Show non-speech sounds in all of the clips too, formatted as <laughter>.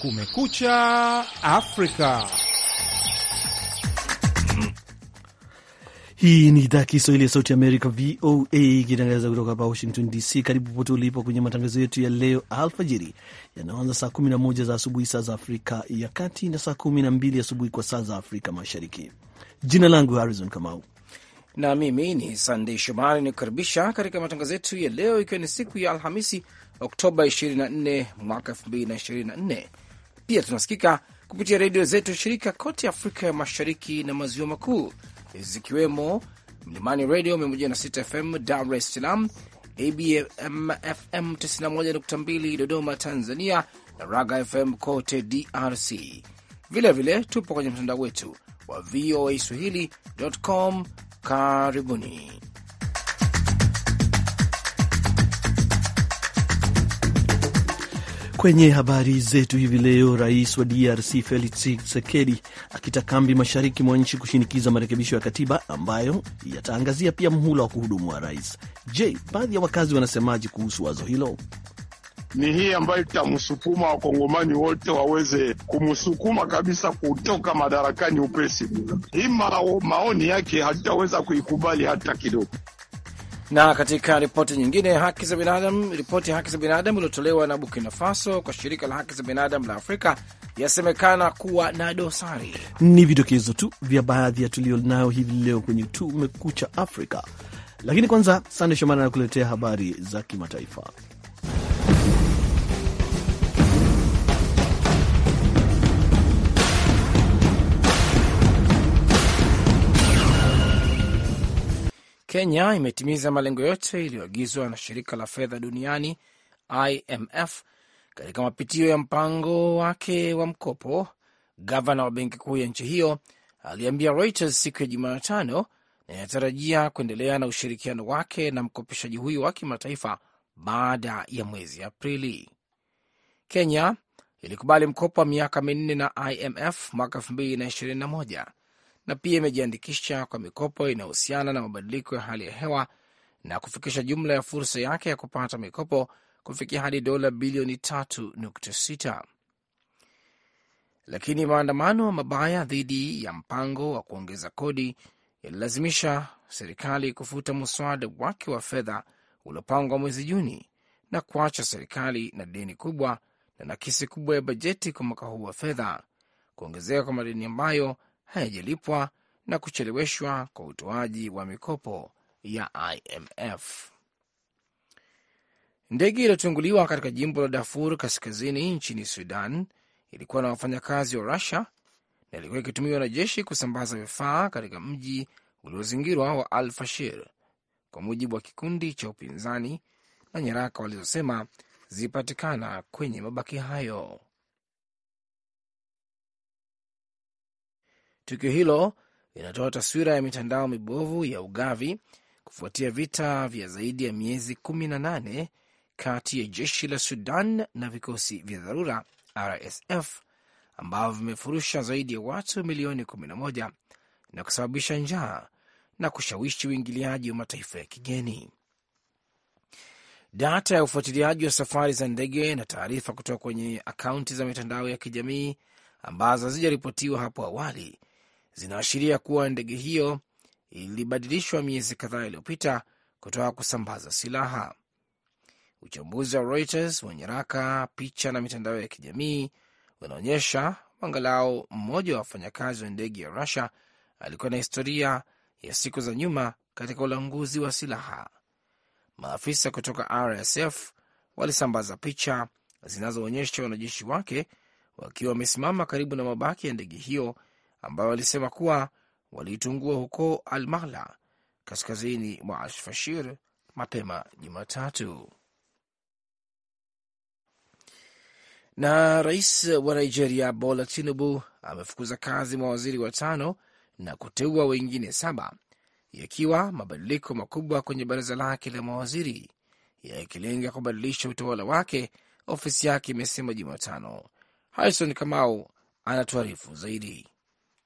Kumekucha Afrika. Hii ni idhaa ya Kiswahili ya Sauti Amerika, VOA, ikitangaza kutoka hapa Washington DC. Karibu popote ulipo kwenye matangazo yetu ya leo alfajiri, yanaanza saa 11 za asubuhi saa za Afrika ya Kati na saa 12 asubuhi kwa saa za Afrika Mashariki. Jina langu Harrison Kamau na mimi ni Sandei Shomari, nikukaribisha katika matangazo yetu ya leo, ikiwa ni siku ya Alhamisi, Oktoba 24 mwaka 2024 pia tunasikika kupitia redio zetu shirika kote Afrika ya Mashariki na Maziwa Makuu, zikiwemo Mlimani Redio 106 FM Dar es Salaam, ABM FM 91.2 Dodoma Tanzania, na Raga FM kote DRC. Vilevile vile, tupo kwenye mtandao wetu wa VOA Swahili.com. Karibuni. Kwenye habari zetu hivi leo, rais wa DRC Felix Tshisekedi akita kambi mashariki mwa nchi kushinikiza marekebisho ya katiba ambayo yataangazia pia mhula wa kuhudumu wa rais. Je, baadhi ya wakazi wanasemaje kuhusu wazo hilo? Ni hii ambayo itamsukuma wakongomani wote waweze kumsukuma kabisa kutoka madarakani upesi. Hii mao, maoni yake hatutaweza kuikubali hata kidogo. Na katika ripoti nyingine, haki za binadamu, ripoti ya haki za binadamu iliyotolewa na Burkina Faso kwa shirika la haki za binadamu la Afrika yasemekana kuwa na dosari. Ni vidokezo tu vya baadhi ya tulio nayo hivi leo kwenye Kumekucha Afrika, lakini kwanza, Sande Shomana anakuletea habari za kimataifa. Kenya imetimiza malengo yote iliyoagizwa na shirika la fedha duniani IMF katika mapitio ya mpango wake wa mkopo. Gavana wa benki kuu ya nchi hiyo aliambia Reuters siku ya Jumatano na inatarajia kuendelea na ushirikiano wake na mkopeshaji huyo wa kimataifa baada ya mwezi Aprili. Kenya ilikubali mkopo wa miaka minne na IMF mwaka 221 na pia imejiandikisha kwa mikopo inayohusiana na mabadiliko ya hali ya hewa na kufikisha jumla ya fursa yake ya kupata mikopo kufikia hadi dola bilioni 3.6. Lakini maandamano mabaya dhidi ya mpango wa kuongeza kodi yalilazimisha serikali kufuta mswada wake wa fedha uliopangwa mwezi Juni na kuacha serikali na deni kubwa na nakisi kubwa ya bajeti kwa mwaka huu wa fedha, kuongezeka kwa madeni ambayo hayajalipwa na kucheleweshwa kwa utoaji wa mikopo ya IMF. Ndege iliyotunguliwa katika jimbo la Darfur kaskazini nchini Sudan ilikuwa na wafanyakazi wa Rusia na ilikuwa ikitumiwa na jeshi kusambaza vifaa katika mji uliozingirwa wa Al Fashir, kwa mujibu wa kikundi cha upinzani na nyaraka walizosema zilipatikana kwenye mabaki hayo. Tukio hilo linatoa taswira ya mitandao mibovu ya ugavi kufuatia vita vya zaidi ya miezi 18 kati ya jeshi la Sudan na vikosi vya dharura RSF ambavyo vimefurusha zaidi ya watu milioni 11 na kusababisha njaa na kushawishi uingiliaji wa mataifa ya kigeni. Data ya ufuatiliaji wa safari za ndege na taarifa kutoka kwenye akaunti za mitandao ya kijamii ambazo hazijaripotiwa hapo awali zinaashiria kuwa ndege hiyo ilibadilishwa miezi kadhaa iliyopita kutoka kusambaza silaha. Uchambuzi wa Reuters wa nyaraka, picha na mitandao ya kijamii unaonyesha angalau mmoja wa wafanyakazi wa ndege ya Rusia alikuwa na historia ya siku za nyuma katika ulanguzi wa silaha. Maafisa kutoka RSF walisambaza picha zinazoonyesha wanajeshi wake wakiwa wamesimama karibu na mabaki ya ndege hiyo ambayo walisema kuwa waliitungua huko Almahla kaskazini mwa Alfashir mapema Jumatatu. Na rais wa Nigeria Bola Tinubu amefukuza kazi mawaziri watano na kuteua wengine saba yakiwa mabadiliko makubwa kwenye baraza lake la mawaziri yakilenga kubadilisha utawala wake, ofisi yake imesema Jumatano. Harison Kamau anatuarifu zaidi.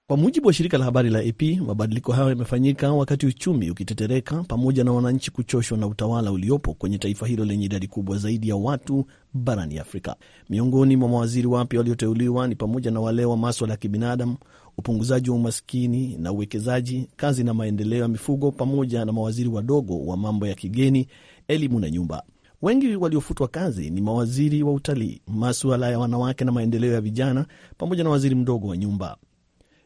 Kwa mujibu wa shirika la habari la AP, mabadiliko hayo yamefanyika wakati uchumi ukitetereka pamoja na wananchi kuchoshwa na utawala uliopo kwenye taifa hilo lenye idadi kubwa zaidi ya watu barani Afrika. Miongoni mwa mawaziri wapya walioteuliwa ni pamoja na wale wa maswala ya kibinadamu, upunguzaji wa umaskini na uwekezaji, kazi na maendeleo ya mifugo, pamoja na mawaziri wadogo wa mambo ya kigeni, elimu na nyumba. Wengi waliofutwa kazi ni mawaziri wa utalii, maswala ya wanawake na maendeleo ya vijana, pamoja na waziri mdogo wa nyumba.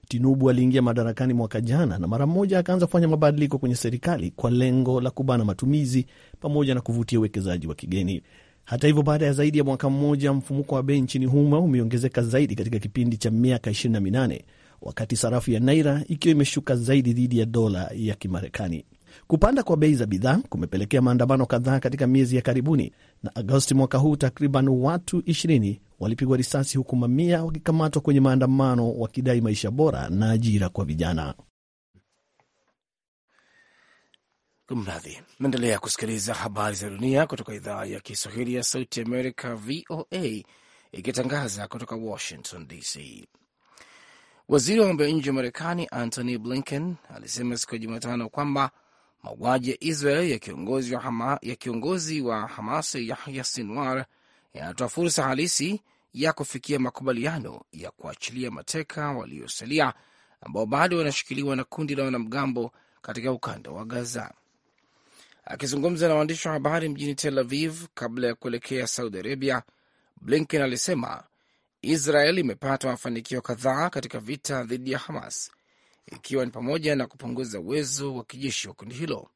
Tinubu aliingia madarakani mwaka jana na mara mmoja akaanza kufanya mabadiliko kwenye serikali kwa lengo la kubana matumizi pamoja na kuvutia uwekezaji wa kigeni. Hata hivyo, baada ya zaidi ya mwaka mmoja, mfumuko wa bei nchini humo umeongezeka zaidi katika kipindi cha miaka 28 wakati sarafu ya naira ikiwa imeshuka zaidi dhidi ya dola ya Kimarekani. Kupanda kwa bei za bidhaa kumepelekea maandamano kadhaa katika miezi ya karibuni, na Agosti mwaka huu takriban watu walipigwa risasi huku mamia wakikamatwa kwenye maandamano wakidai maisha bora na ajira kwa vijana. Kumradhi, naendelea kusikiliza habari za dunia kutoka idhaa ya Kiswahili ya Sauti Amerika, VOA, ikitangaza kutoka Washington DC. Waziri wa mambo ya nje wa Marekani Antony Blinken alisema siku ya Jumatano kwamba mauaji ya Israel ya kiongozi wa, hamasi ya Yahya Sinwar yanatoa fursa halisi ya kufikia makubaliano ya kuachilia mateka waliosalia ambao bado wanashikiliwa na kundi la wanamgambo katika ukanda wa Gaza. Akizungumza na waandishi wa habari mjini Tel Aviv kabla ya kuelekea Saudi Arabia, Blinken alisema Israel imepata mafanikio kadhaa katika vita dhidi ya Hamas, ikiwa ni pamoja na kupunguza uwezo wa kijeshi wa kundi hilo.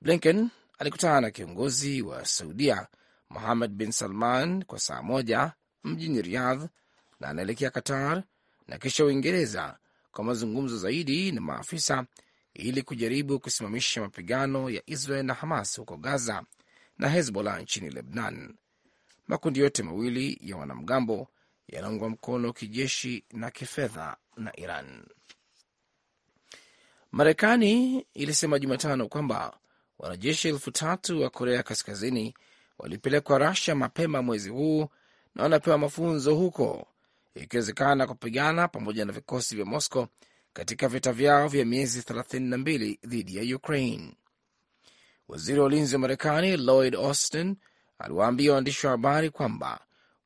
Blinken alikutana na kiongozi wa Saudia Muhamed bin Salman kwa saa moja mjini Riyadh na anaelekea Qatar na kisha Uingereza kwa mazungumzo zaidi na maafisa ili kujaribu kusimamisha mapigano ya Israel na Hamas huko Gaza na Hezbollah nchini Lebanon. Makundi yote mawili ya wanamgambo yanaungwa mkono kijeshi na kifedha na Iran. Marekani ilisema Jumatano kwamba wanajeshi elfu tatu wa Korea Kaskazini walipelekwa Rasia mapema mwezi huu na wanapewa mafunzo huko, ikiwezekana kupigana pamoja na vikosi vya mosco katika vita vyao vya miezi 32 dhidi ya Ukraine. Waziri wa ulinzi wa Marekani Lloyd Austin aliwaambia waandishi wa habari kwamba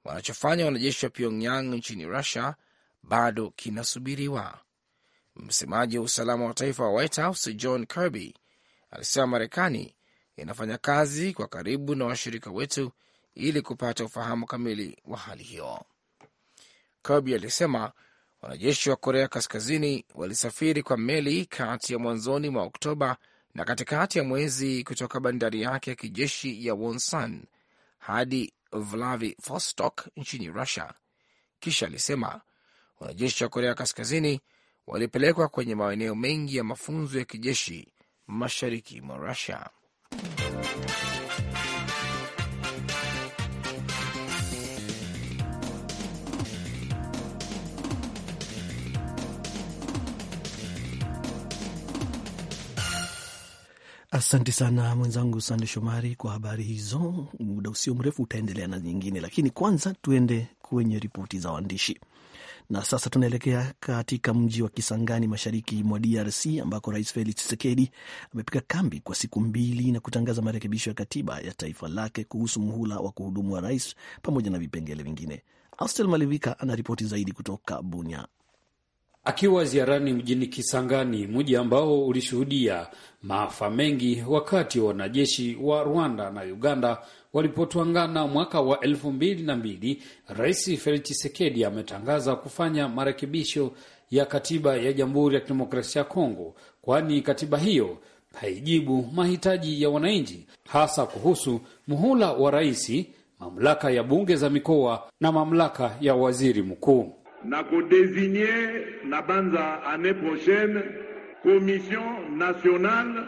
wanachofanya wanajeshi wa Pyongyang nchini rusia bado kinasubiriwa. Msemaji wa usalama wa taifa wa White House John Kirby alisema Marekani yanafanya kazi kwa karibu na washirika wetu ili kupata ufahamu kamili wa hali hiyo. Kirby alisema wanajeshi wa Korea Kaskazini walisafiri kwa meli kati ya mwanzoni mwa Oktoba na katikati ya mwezi kutoka bandari yake ya kijeshi ya Wonsan hadi Vladivostok nchini Russia. Kisha alisema wanajeshi wa Korea Kaskazini walipelekwa kwenye maeneo mengi ya mafunzo ya kijeshi mashariki mwa Russia. Asante sana mwenzangu Sande Shomari kwa habari hizo. Muda usio mrefu utaendelea na nyingine, lakini kwanza tuende kwenye ripoti za waandishi. Na sasa tunaelekea katika mji wa Kisangani mashariki mwa DRC ambako Rais Felix Tshisekedi amepiga kambi kwa siku mbili na kutangaza marekebisho ya katiba ya taifa lake kuhusu mhula wa kuhudumu wa rais pamoja na vipengele vingine. Austel Malivika anaripoti zaidi kutoka Bunya. Akiwa ziarani mjini Kisangani, mji ambao ulishuhudia maafa mengi wakati wa wanajeshi wa Rwanda na Uganda walipotwangana mwaka wa elfu mbili na mbili, Rais Felix Tshisekedi ametangaza kufanya marekebisho ya katiba ya Jamhuri ya Kidemokrasia ya Kongo, kwani katiba hiyo haijibu mahitaji ya wananchi, hasa kuhusu muhula wa rais, mamlaka ya bunge za mikoa na mamlaka ya waziri mkuu na kodesinye na banza année prochaine commission nationale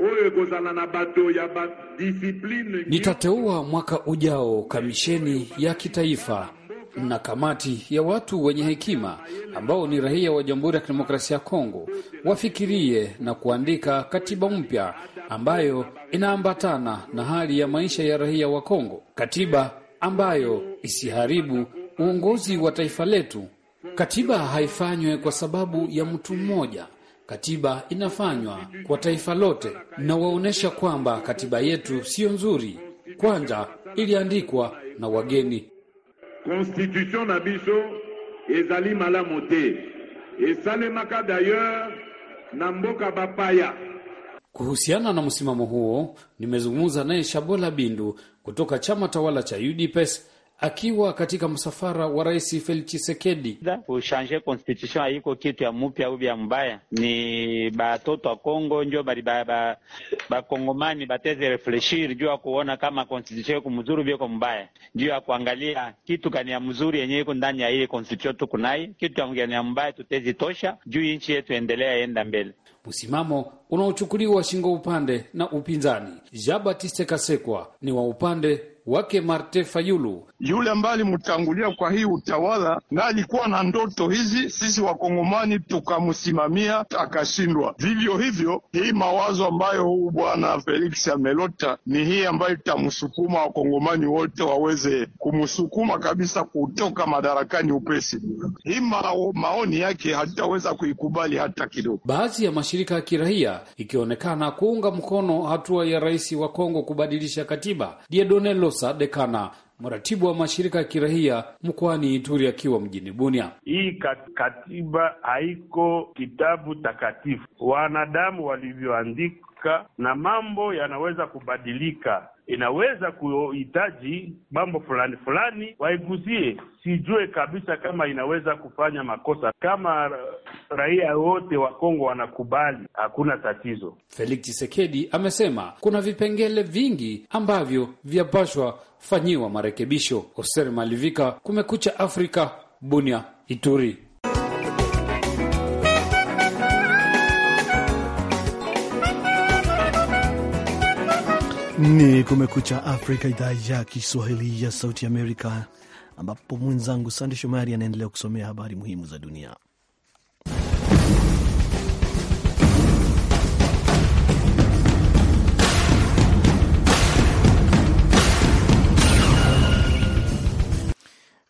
oyo ekozala na bato ya badisipline. Nitateua mwaka ujao kamisheni ya kitaifa na kamati ya watu wenye hekima ambao ni raia wa Jamhuri ya Kidemokrasia ya Kongo wafikirie na kuandika katiba mpya ambayo inaambatana na hali ya maisha ya raia wa Kongo, katiba ambayo isiharibu uongozi wa taifa letu. Katiba haifanywe kwa sababu ya mtu mmoja. Katiba inafanywa kwa taifa lote, na waonyesha kwamba katiba yetu siyo nzuri. Kwanza iliandikwa na wageni. Constitution na biso ezali malamu te, esalemaka dailleurs na mboka bapaya. Kuhusiana na msimamo huo, nimezungumza naye Shabola Bindu kutoka chama tawala cha UDPS akiwa katika msafara wa Rais Felix Tshisekedi. kushanje constitution haiko kitu ya mupya au ya mbaya, ni batoto wa Kongo njo bali bakongomani ba, ba bateze refleshir juu ya kuona kama constitution iko mzuri vyeko mbaya, juu ya kuangalia kitu kani ya mzuri yenye iko ndani ya ile constitution naye kitu kani ya mbaya tutezi tosha juu nchi yetu endelea enda mbele. Msimamo unaochukuliwa shingo upande na upinzani. Jean batiste Kasekwa ni wa upande wake Marte Fayulu, yule ambaye alimtangulia kwa hii utawala, na alikuwa na ndoto hizi, sisi wakongomani tukamsimamia akashindwa. Vivyo hivyo, hii mawazo ambayo huu bwana Felix amelota ni hii ambayo itamsukuma wakongomani wote waweze kumsukuma kabisa kutoka madarakani upesi. Hii mao, maoni yake hatutaweza kuikubali hata kidogo. Baadhi ya mashirika ya kiraia ikionekana kuunga mkono hatua ya rais wa Kongo kubadilisha katiba Diedonelo Rosa Dekana, mratibu wa mashirika ya kirahia mkoani Ituri akiwa mjini Bunia. Hii katiba haiko kitabu takatifu, wanadamu walivyoandika, na mambo yanaweza kubadilika inaweza kuhitaji mambo fulani fulani, waigusie. Sijue kabisa kama inaweza kufanya makosa. Kama raia wote wa Kongo wanakubali, hakuna tatizo. Felix chisekedi amesema kuna vipengele vingi ambavyo vyapashwa fanyiwa marekebisho. Hoser Malivika, Kumekucha Afrika, Bunia, Ituri. Ni Kumekucha Afrika, idhaa ya Kiswahili ya Sauti Amerika, ambapo mwenzangu Sande Shomari anaendelea kusomea habari muhimu za dunia.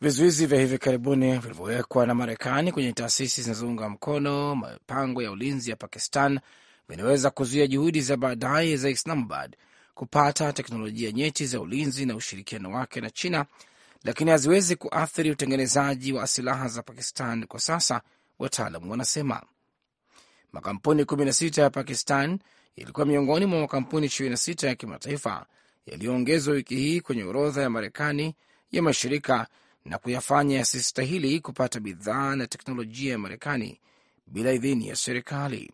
Vizuizi vya hivi karibuni vilivyowekwa na Marekani kwenye taasisi zinazounga mkono mipango ya ulinzi ya Pakistan vinaweza kuzuia juhudi za baadaye za Islamabad kupata teknolojia nyeti za ulinzi na ushirikiano wake na China, lakini haziwezi kuathiri utengenezaji wa silaha za Pakistan kwa sasa, wataalamu wanasema. Makampuni 16 ya Pakistan yalikuwa miongoni mwa makampuni 26 ya kimataifa yaliyoongezwa wiki hii kwenye orodha ya Marekani ya mashirika na kuyafanya yasistahili kupata bidhaa na teknolojia ya Marekani bila idhini ya serikali.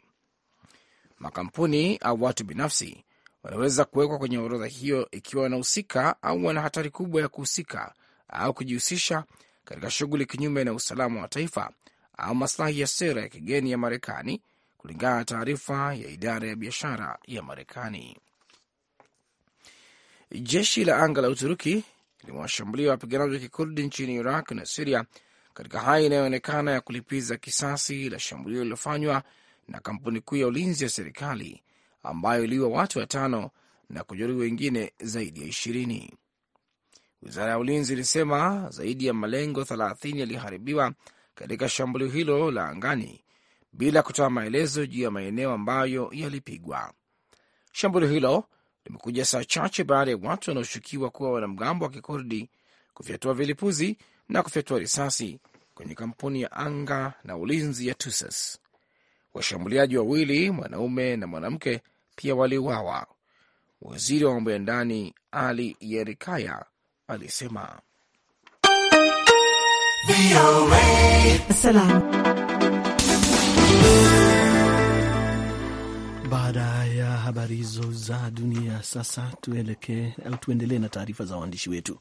Makampuni au watu binafsi wanaweza kuwekwa kwenye orodha hiyo ikiwa wanahusika au wana hatari kubwa ya kuhusika au kujihusisha katika shughuli kinyume na usalama wa taifa au maslahi ya sera ya kigeni ya Marekani, kulingana na taarifa ya idara ya biashara ya Marekani. Jeshi la anga la Uturuki limewashambulia wapiganaji wa kikurdi nchini Iraq na Siria katika hali inayoonekana ya kulipiza kisasi la shambulio lililofanywa na kampuni kuu ya ulinzi ya serikali ambayo iliua watu watano na kujeruhi wengine zaidi ya ishirini. Wizara ya ulinzi ilisema zaidi ya malengo thelathini yaliharibiwa katika shambulio hilo la angani bila kutoa maelezo juu ya maeneo ambayo yalipigwa. Shambulio hilo limekuja saa chache baada ya watu wanaoshukiwa kuwa wanamgambo wa kikurdi kufyatua vilipuzi na kufyatua risasi kwenye kampuni ya anga na ulinzi ya Tusas. Washambuliaji wawili, mwanaume na mwanamke, pia waliuawa. Waziri wa mambo ya ndani Ali Yerikaya alisema. Baada ya habari hizo za dunia, sasa tuelekee au tuendelee na taarifa za waandishi wetu.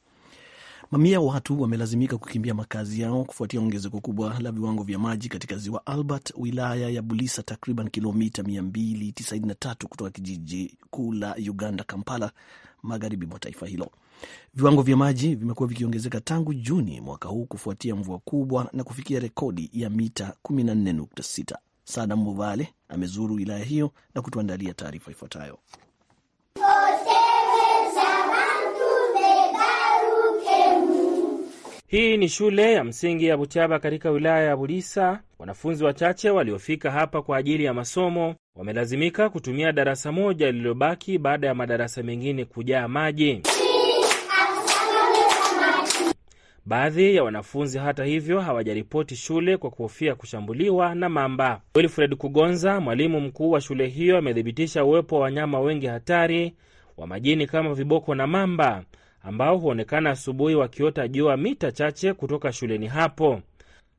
Mamia ya watu wamelazimika kukimbia makazi yao kufuatia ongezeko kubwa la viwango vya maji katika ziwa Albert, wilaya ya Bulisa, takriban kilomita 293 kutoka kijiji kuu la Uganda, Kampala, magharibi mwa taifa hilo. Viwango vya maji vimekuwa vikiongezeka tangu Juni mwaka huu kufuatia mvua kubwa na kufikia rekodi ya mita 14.6. Sadam Muvale amezuru wilaya hiyo na kutuandalia taarifa ifuatayo. Hii ni shule ya msingi ya Butiaba katika wilaya ya Bulisa. Wanafunzi wachache waliofika hapa kwa ajili ya masomo wamelazimika kutumia darasa moja lililobaki baada ya madarasa mengine kujaa maji. Baadhi ya wanafunzi hata hivyo hawajaripoti shule kwa kuhofia kushambuliwa na mamba. Wilfred Kugonza, mwalimu mkuu wa shule hiyo, amethibitisha uwepo wa wanyama wengi hatari wa majini kama viboko na mamba ambao huonekana asubuhi wakiota jua mita chache kutoka shuleni hapo.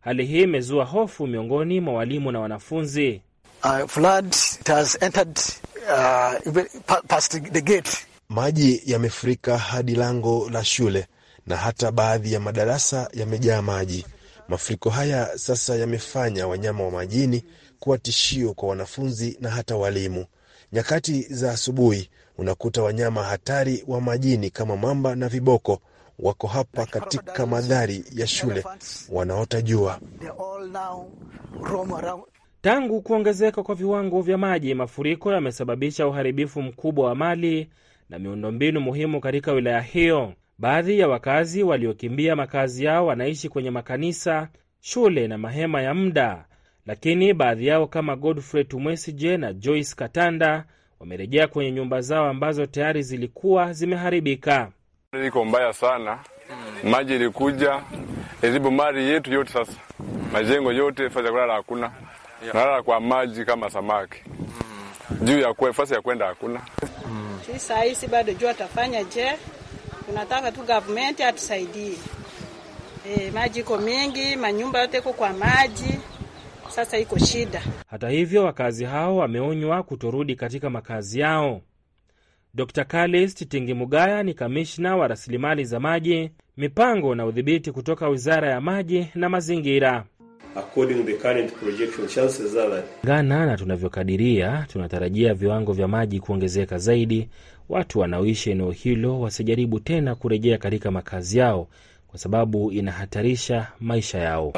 Hali hii imezua hofu miongoni mwa walimu na wanafunzi. Uh, flood has entered, uh, past the gate. Maji yamefurika hadi lango la shule na hata baadhi ya madarasa yamejaa maji. Mafuriko haya sasa yamefanya wanyama wa majini kuwa tishio kwa wanafunzi na hata walimu. Nyakati za asubuhi unakuta wanyama hatari wa majini kama mamba na viboko wako hapa katika madhari ya shule, wanaota jua. Tangu kuongezeka kwa viwango vya maji, mafuriko yamesababisha uharibifu mkubwa wa mali na miundombinu muhimu katika wilaya hiyo. Baadhi ya wakazi waliokimbia makazi yao wanaishi kwenye makanisa, shule na mahema ya muda, lakini baadhi yao kama Godfrey Tumwesije na Joyce Katanda wamerejea kwenye nyumba zao ambazo tayari zilikuwa zimeharibika. Iko mbaya sana, maji ilikuja ilibu mali yetu yote. Sasa majengo yote, fasi ya kulala hakuna, nalala kwa maji kama samaki juu ya kwe, fasi ya kwenda hakuna. Si sahisi bado jua atafanya je? Tunataka tu gavumenti atusaidie. E, maji iko mingi, manyumba yote iko kwa maji sasa iko shida. Hata hivyo, wakazi hao wameonywa kutorudi katika makazi yao. Dr Kalist mugaya ni kamishna wa rasilimali za maji, mipango na udhibiti kutoka wizara ya maji na mazingira. Gana na tunavyokadiria, tunatarajia viwango vya maji kuongezeka zaidi. Watu wanaoishi eneo hilo wasijaribu tena kurejea katika makazi yao, kwa sababu inahatarisha maisha yao.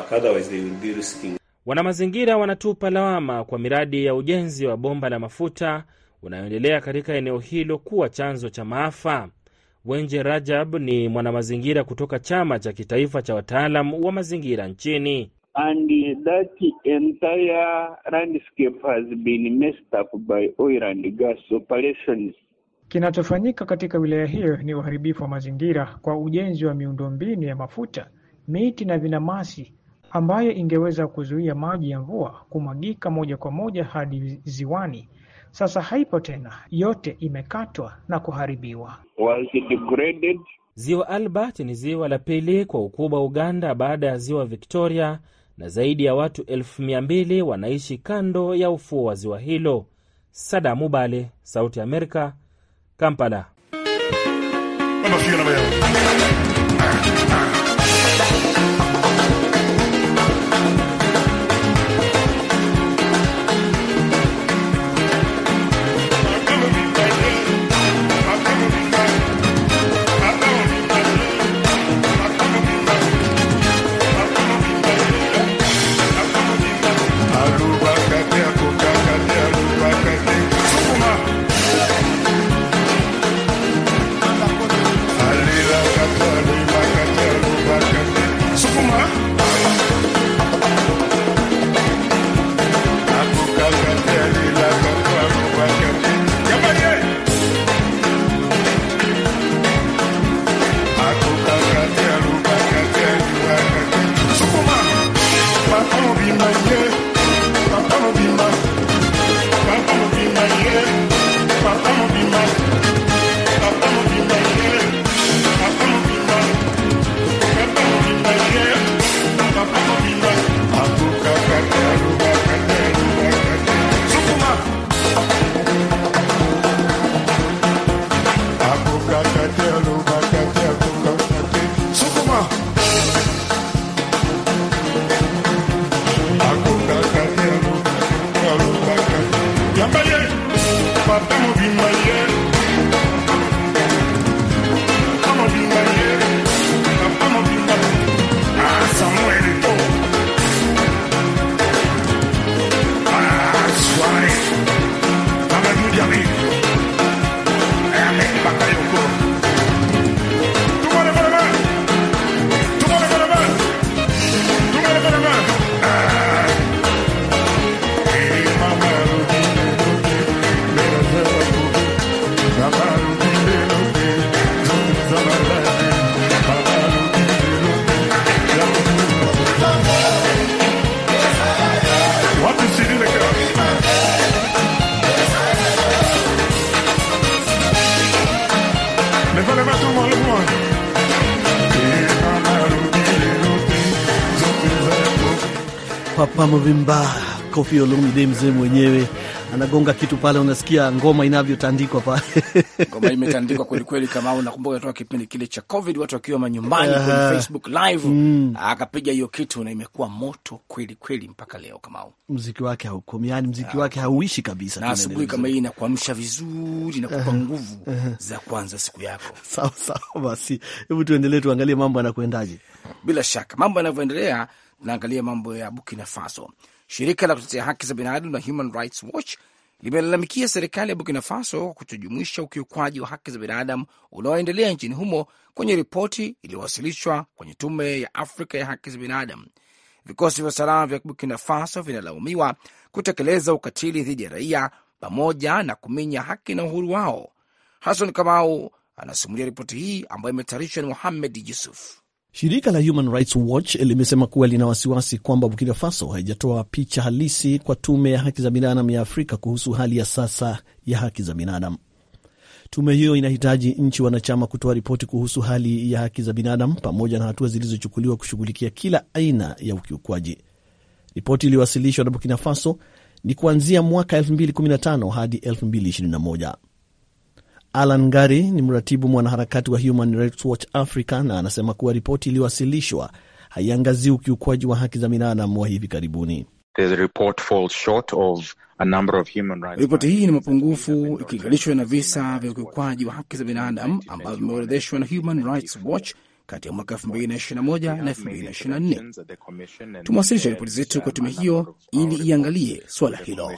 Wanamazingira wanatupa lawama kwa miradi ya ujenzi wa bomba la mafuta unayoendelea katika eneo hilo kuwa chanzo cha maafa. Wenje Rajab ni mwanamazingira kutoka chama cha kitaifa cha wataalam wa mazingira nchini. Kinachofanyika katika wilaya hiyo ni uharibifu wa mazingira kwa ujenzi wa miundombinu ya mafuta, miti na vinamasi ambayo ingeweza kuzuia maji ya mvua kumwagika moja kwa moja hadi ziwani, sasa haipo tena, yote imekatwa na kuharibiwa. Ziwa Albert ni ziwa la pili kwa ukubwa Uganda baada ya ziwa Victoria, na zaidi ya watu elfu mia mbili wanaishi kando ya ufuo wa ziwa hilo. Sadamu Bale, Sauti ya Amerika, Kampala. Mba Kofi Olomide, mzee mwenyewe anagonga kitu pale, unasikia ngoma inavyotandikwa pale <laughs> ngoma imetandikwa kweli kama unakumbuka toka kipindi kile cha Covid, watu wakiwa manyumbani uh, kwenye Facebook live mm, akapiga hiyo kitu na imekuwa moto kweli kweli mpaka leo. Kama mziki wake haukomi, yani mziki ah. wake hauishi kabisa, na asubuhi kama hii inakuamsha vizuri na kukupa nguvu za kwanza siku yako. <laughs> Sawa sawa, basi hebu tuendelee, tuangalie mambo yanakwendaje. Bila shaka mambo yanavyoendelea naangalia mambo ya Burkina Faso. Shirika la kutetea haki za binadamu la Human Rights Watch limelalamikia serikali ya Burkina Faso kwa kutojumuisha ukiukwaji wa haki za binadamu unaoendelea nchini humo kwenye ripoti iliyowasilishwa kwenye Tume ya Afrika ya Haki za Binadamu. Vikosi vya usalama vya Burkina Faso vinalaumiwa kutekeleza ukatili dhidi ya raia pamoja na kuminya haki na uhuru wao. Hassan Kamau anasimulia ripoti hii ambayo imetayarishwa na Muhamed Yusuf. Shirika la Human Rights Watch limesema kuwa lina wasiwasi kwamba Burkina Faso haijatoa picha halisi kwa tume ya haki za binadamu ya Afrika kuhusu hali ya sasa ya haki za binadamu. Tume hiyo inahitaji nchi wanachama kutoa ripoti kuhusu hali ya haki za binadamu pamoja na hatua zilizochukuliwa kushughulikia kila aina ya ukiukwaji. Ripoti iliyowasilishwa na Burkina Faso ni kuanzia mwaka 2015 hadi 2021. Alan Gari ni mratibu mwanaharakati wa Human Rights Watch Africa na anasema kuwa ripoti iliyowasilishwa haiangazii ukiukwaji wa haki za binadamu wa hivi karibuni. Ripoti hii ni mapungufu ikilinganishwa na visa vya ukiukwaji wa haki za binadamu ambavyo vimeorodheshwa na Human Rights Watch kati ya mwaka 2021 na 2024. Tumewasilisha ripoti zetu kwa tume hiyo ili iangalie suala um, hilo.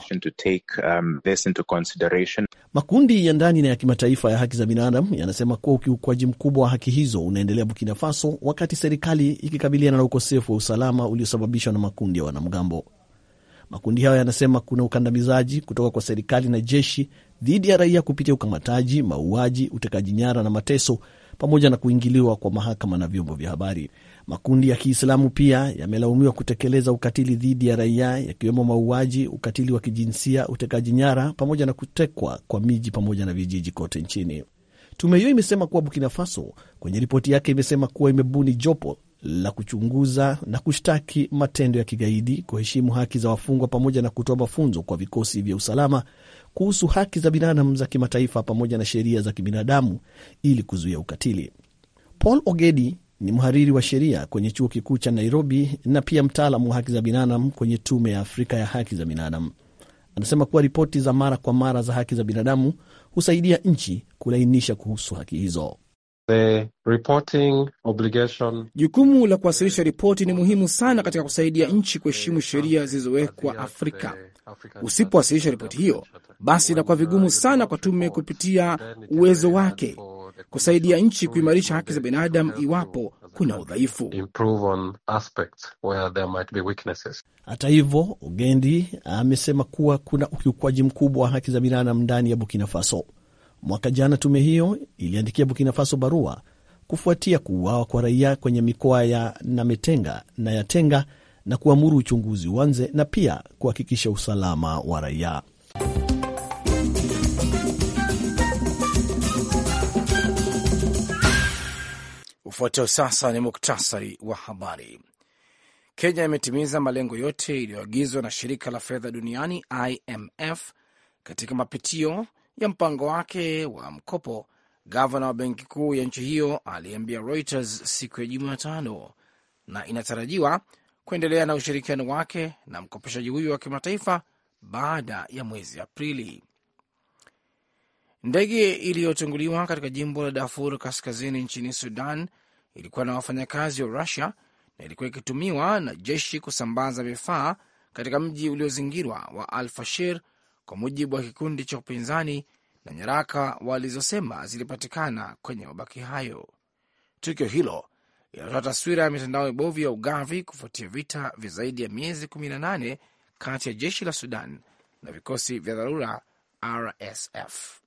Makundi ya ndani na ya kimataifa ya haki za binadamu yanasema kuwa ukiukwaji mkubwa wa haki hizo unaendelea Burkina Faso, wakati serikali ikikabiliana na ukosefu wa usalama uliosababishwa na makundi ya wanamgambo. Makundi hayo yanasema kuna ukandamizaji kutoka kwa serikali na jeshi dhidi ya raia kupitia ukamataji, mauaji, utekaji nyara na mateso pamoja na kuingiliwa kwa mahakama na vyombo vya habari. Makundi ya Kiislamu pia yamelaumiwa kutekeleza ukatili dhidi ya raia, yakiwemo mauaji, ukatili wa kijinsia, utekaji nyara, pamoja na kutekwa kwa miji pamoja na vijiji kote nchini. Tume hiyo imesema kuwa Burkina Faso kwenye ripoti yake imesema kuwa imebuni jopo la kuchunguza na kushtaki matendo ya kigaidi, kuheshimu haki za wafungwa, pamoja na kutoa mafunzo kwa vikosi vya usalama kuhusu haki za binadamu za kimataifa pamoja na sheria za kibinadamu ili kuzuia ukatili. Paul Ogedi ni mhariri wa sheria kwenye chuo kikuu cha Nairobi na pia mtaalamu wa haki za binadamu kwenye Tume ya Afrika ya Haki za Binadamu. Anasema kuwa ripoti za mara kwa mara za haki za binadamu husaidia nchi kulainisha kuhusu haki hizo. The reporting obligation. Jukumu la kuwasilisha ripoti ni muhimu sana katika kusaidia nchi kuheshimu sheria zilizowekwa Afrika. Usipowasilisha ripoti hiyo, basi inakuwa vigumu sana kwa tume kupitia uwezo wake kusaidia nchi kuimarisha haki za binadamu iwapo kuna udhaifu. Hata hivyo, ugendi amesema kuwa kuna ukiukwaji mkubwa wa haki za binadamu ndani ya Burkina Faso. Mwaka jana tume hiyo iliandikia Burkina Faso barua kufuatia kuuawa kwa raia kwenye mikoa ya Nametenga na Yatenga na kuamuru uchunguzi uanze na pia kuhakikisha usalama wa raia. Ufuatao sasa ni muktasari wa habari. Kenya imetimiza malengo yote iliyoagizwa na shirika la fedha duniani IMF katika mapitio ya mpango wake wa mkopo. Gavana wa benki kuu ya nchi hiyo aliambia Reuters siku ya Jumatano, na inatarajiwa kuendelea na ushirikiano wake na mkopeshaji huyo wa kimataifa baada ya mwezi Aprili. Ndege iliyotunguliwa katika jimbo la Darfur kaskazini nchini Sudan ilikuwa na wafanyakazi wa Rusia na ilikuwa ikitumiwa na jeshi kusambaza vifaa katika mji uliozingirwa wa alfashir kwa mujibu wa kikundi cha upinzani na nyaraka walizosema zilipatikana kwenye mabaki hayo. Tukio hilo linatoa taswira ya mitandao mibovu ya ugavi kufuatia vita vya zaidi ya miezi 18 kati ya jeshi la Sudan na vikosi vya dharura RSF.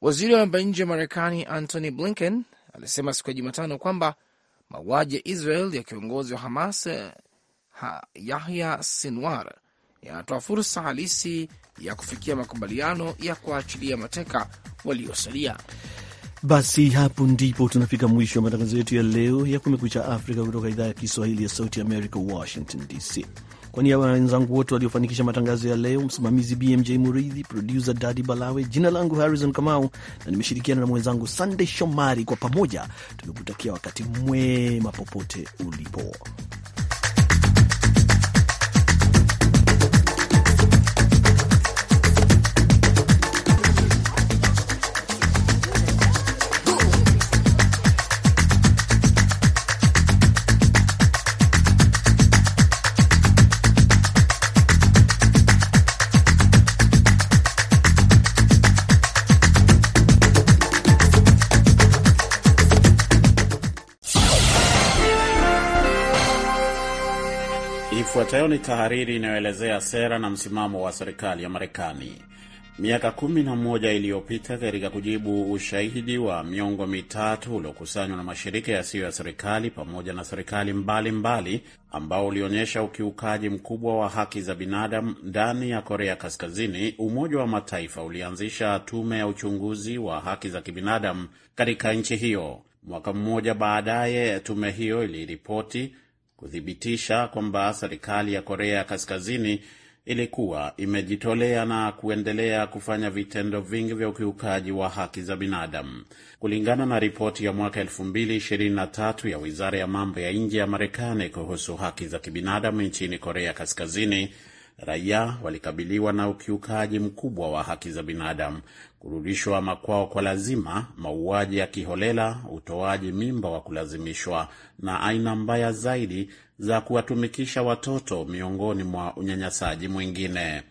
Waziri wa mambo ya nje wa Marekani Antony Blinken alisema siku ya Jumatano kwamba mauaji ya Israel ya kiongozi wa Hamas eh, ha, Yahya Sinwar yanatoa fursa halisi ya kufikia makubaliano ya kuachilia mateka waliosalia. Basi hapo ndipo tunafika mwisho wa matangazo yetu ya leo ya Kumekucha Afrika kutoka idhaa ya Kiswahili ya Sauti America, Washington DC. Kwa niaba ya wenzangu wote waliofanikisha matangazo ya leo, msimamizi BMJ Muridhi, produsa Dadi Balawe, jina langu Harrison Kamau na nimeshirikiana na mwenzangu Sandey Shomari. Kwa pamoja tumekutakia wakati mwema popote ulipo. Ifuatayo ni tahariri inayoelezea sera na msimamo wa serikali ya Marekani. Miaka kumi na moja iliyopita, katika kujibu ushahidi wa miongo mitatu uliokusanywa na mashirika yasiyo ya serikali pamoja na serikali mbalimbali mbali, ambao ulionyesha ukiukaji mkubwa wa haki za binadamu ndani ya Korea Kaskazini, Umoja wa Mataifa ulianzisha tume ya uchunguzi wa haki za kibinadamu katika nchi hiyo. Mwaka mmoja baadaye, tume hiyo iliripoti kuthibitisha kwamba serikali ya Korea Kaskazini ilikuwa imejitolea na kuendelea kufanya vitendo vingi vya ukiukaji wa haki za binadamu. Kulingana na ripoti ya mwaka 2023 ya wizara ya mambo ya nje ya Marekani kuhusu haki za kibinadamu nchini Korea Kaskazini, raia walikabiliwa na ukiukaji mkubwa wa haki za binadamu, kurudishwa makwao kwa lazima, mauaji ya kiholela, utoaji mimba wa kulazimishwa na aina mbaya zaidi za kuwatumikisha watoto, miongoni mwa unyanyasaji mwingine.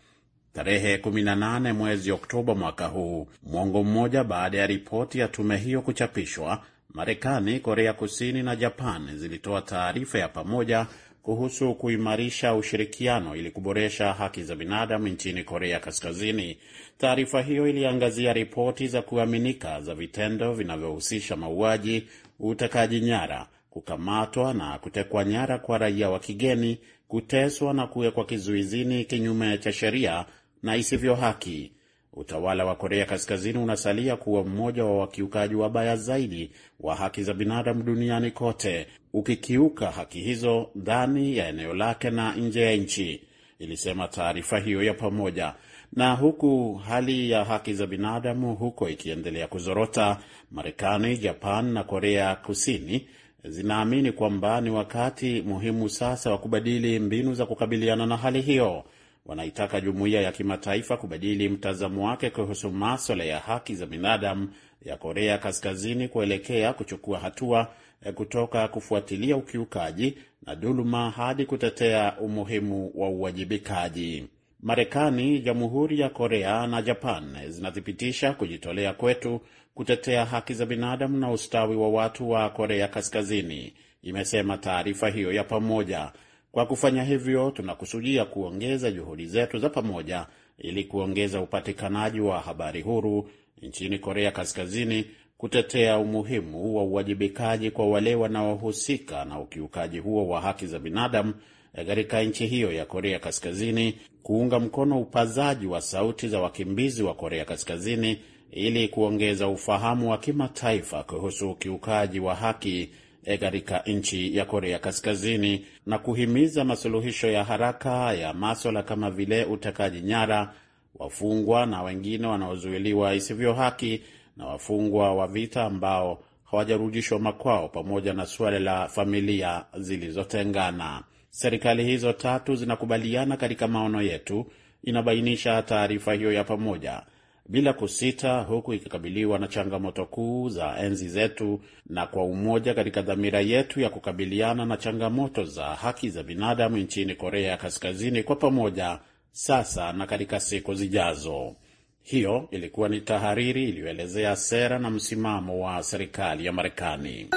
Tarehe 18 mwezi Oktoba mwaka huu, mwongo mmoja baada ya ripoti ya tume hiyo kuchapishwa, Marekani, Korea Kusini na Japan zilitoa taarifa ya pamoja kuhusu kuimarisha ushirikiano ili kuboresha haki za binadamu nchini Korea Kaskazini. Taarifa hiyo iliangazia ripoti za kuaminika za vitendo vinavyohusisha mauaji, utekaji nyara, kukamatwa na kutekwa nyara kwa raia wa kigeni, kuteswa na kuwekwa kizuizini kinyume cha sheria na isivyo haki utawala wa Korea Kaskazini unasalia kuwa mmoja wa wakiukaji wabaya zaidi wa haki za binadamu duniani kote, ukikiuka haki hizo ndani ya eneo lake na nje ya nchi, ilisema taarifa hiyo ya pamoja. Na huku hali ya haki za binadamu huko ikiendelea kuzorota, Marekani, Japan na Korea Kusini zinaamini kwamba ni wakati muhimu sasa wa kubadili mbinu za kukabiliana na hali hiyo wanaitaka jumuiya ya kimataifa kubadili mtazamo wake kuhusu maswala ya haki za binadamu ya Korea Kaskazini kuelekea kuchukua hatua eh, kutoka kufuatilia ukiukaji na dhuluma hadi kutetea umuhimu wa uwajibikaji. Marekani, Jamhuri ya Korea na Japan zinathibitisha kujitolea kwetu kutetea haki za binadamu na ustawi wa watu wa Korea Kaskazini, imesema taarifa hiyo ya pamoja kwa kufanya hivyo, tunakusudia kuongeza juhudi zetu za pamoja ili kuongeza upatikanaji wa habari huru nchini Korea Kaskazini, kutetea umuhimu wa uwajibikaji kwa wale wanaohusika na ukiukaji huo wa haki za binadamu katika nchi hiyo ya Korea Kaskazini, kuunga mkono upazaji wa sauti za wakimbizi wa Korea Kaskazini ili kuongeza ufahamu wa kimataifa kuhusu ukiukaji wa haki E katika nchi ya Korea Kaskazini na kuhimiza masuluhisho ya haraka ya maswala kama vile utekaji nyara, wafungwa na wengine wanaozuiliwa isivyo haki na wafungwa wa vita ambao hawajarudishwa makwao, pamoja na suala la familia zilizotengana. Serikali hizo tatu zinakubaliana katika maono yetu, inabainisha taarifa hiyo ya pamoja bila kusita, huku ikikabiliwa na changamoto kuu za enzi zetu, na kwa umoja katika dhamira yetu ya kukabiliana na changamoto za haki za binadamu nchini Korea ya Kaskazini kwa pamoja, sasa na katika siku zijazo. Hiyo ilikuwa ni tahariri iliyoelezea sera na msimamo wa serikali ya Marekani.